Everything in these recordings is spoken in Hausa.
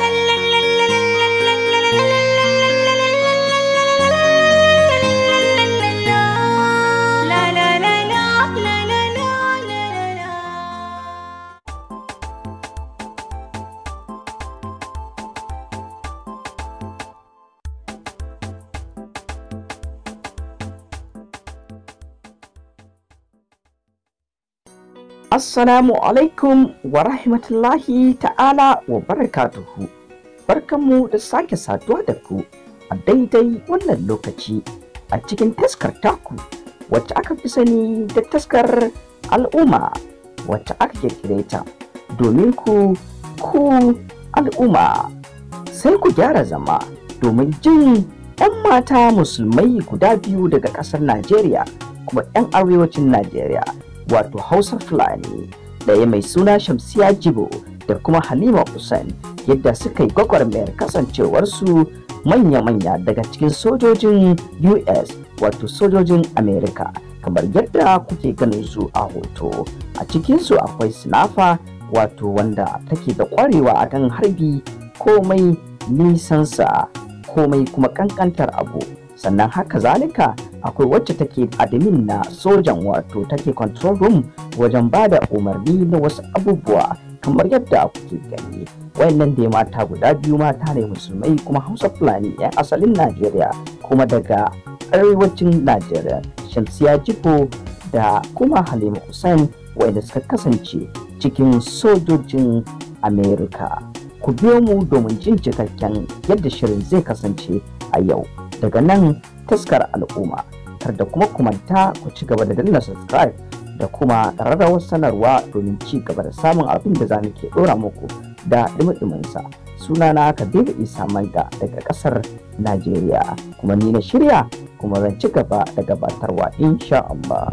கடல் Assalamu alaikum wa rahmatullahi ta'ala wa barakatuhu. Barkanmu da sake saduwa da ku a daidai wannan lokaci a cikin taskar taku wacce aka fi sani da taskar al'umma wacce aka kirkire ta domin ku ku al'umma sai ku gyara zama domin jin 'yan mata musulmai guda biyu daga ƙasar Najeriya kuma 'yan arewacin Najeriya. wato Hausa fulani ɗaya mai suna shamsiya jibo da kuma halima hussain yadda suka yi gwagwarmayar kasancewarsu manya-manya daga cikin sojojin us wato sojojin america kamar yadda kuke ganin su a hoto a cikinsu akwai sinafa wato wanda take da kwarewa a kan harbi komai nisansa komai kuma kankantar abu sannan haka zalika akwai wacce take admin na sojan wato take control room wajen ba da umarni na wasu abubuwa kamar yadda kuke gani wayannan da mata guda biyu mata ne musulmai kuma hausa fulani 'yan asalin najeriya kuma daga arewacin najeriya shamsiya jiko da kuma halima hussein wayanda suka kasance cikin sojojin amerika ku biyo mu domin jin cikakken yadda shirin zai kasance a yau daga nan taskar al'umma kar da kuma kumanta ku ci gaba da danna subscribe da kuma rarrawar sanarwa domin ci gaba da samun abin da za ke ɗora muku da ɗumi sa sunana kabiru isa maida daga ƙasar najeriya kuma ni na shirya kuma zan ci gaba da gabatarwa insha Allah.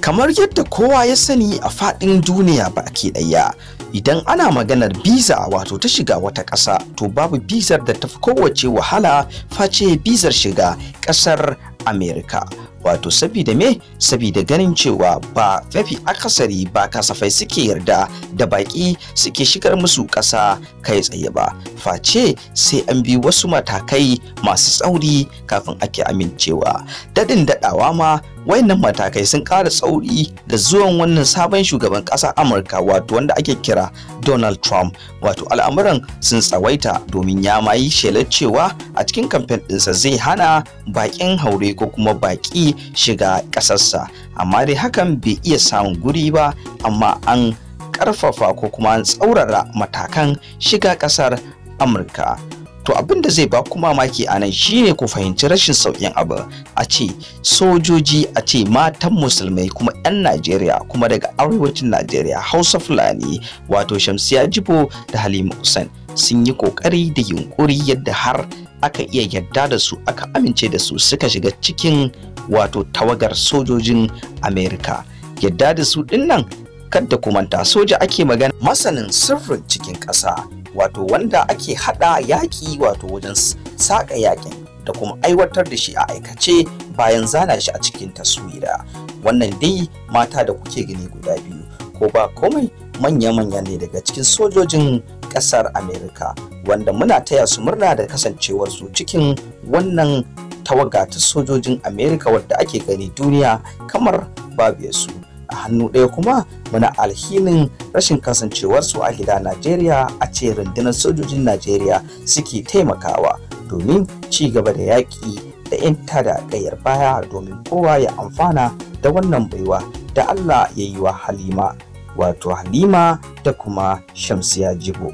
kamar yadda kowa ya sani a faɗin duniya ba ke ɗaya idan ana maganar biza wato ta shiga wata ƙasa to babu bizar da tafi kowace wahala face bizar shiga ƙasar amerika wato sabida me sabida ganin cewa ba fafi akasari ba kasafai suke yarda da baƙi suke shigar musu ƙasa kai tsaye ba face sai an bi wasu matakai masu tsauri kafin ake amincewa dadin dadawa ma wayannan matakai sun ƙara tsauri da zuwan wannan sabon shugaban ƙasa amurka wato wanda ake kira donald trump wato al'amuran sun tsawaita domin ya mayi shelar cewa a cikin kamfen ɗinsa zai hana baƙin haure ko kuma baƙi shiga ƙasarsa amma dai hakan bai iya samun guri ba amma an ƙarfafa ko kuma an tsaurara matakan shiga ƙasar amurka to abin da zai ba ku mamaki a nan shine ku fahimci rashin sauƙin abu a ce sojoji a ce matan musulmai kuma 'yan najeriya kuma daga arewacin najeriya hausa fulani wato shamsiya jibo da halima Usain sun yi ƙoƙari da yunƙuri yadda har aka iya yadda da su aka amince da su suka shiga cikin wato tawagar sojojin amerika yadda da su ɗin nan kada ku manta soja ake magana masanin sirrin cikin ƙasa wato wanda ake hada yaƙi wato wajen saka yaƙin da kuma aiwatar da shi a aikace bayan zana shi a cikin taswira wannan dai mata da kuke gani guda biyu ko ba komai manya-manya ne daga cikin sojojin ƙasar amerika wanda muna taya su murna da kasancewar su cikin wannan tawaga ta sojojin amerika wadda ake gani duniya kamar babu yasu a hannu ɗaya kuma muna alhinin rashin kasancewarsu a gida najeriya a ce rundunar sojojin najeriya suke taimakawa domin ci gaba da yaƙi da 'yan tada ƙayyar baya domin kowa ya amfana da wannan baiwa da allah ya yi wa halima wato halima da kuma shamsiya jibo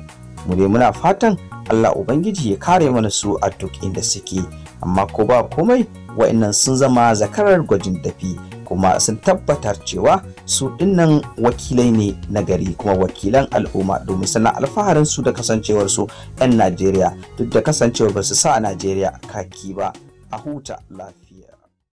mu dai muna fatan allah ubangiji ya kare mana su a duk inda suke amma ko ba komai wa'annan sun zama zakarar gwajin dafi kuma sun tabbatar cewa su dinnan wakilai ne na gari kuma wakilan al'umma domin suna alfaharin su da kasancewar su 'yan Najeriya duk da kasancewar ba su sa Najeriya kaki ba a huta lafiya.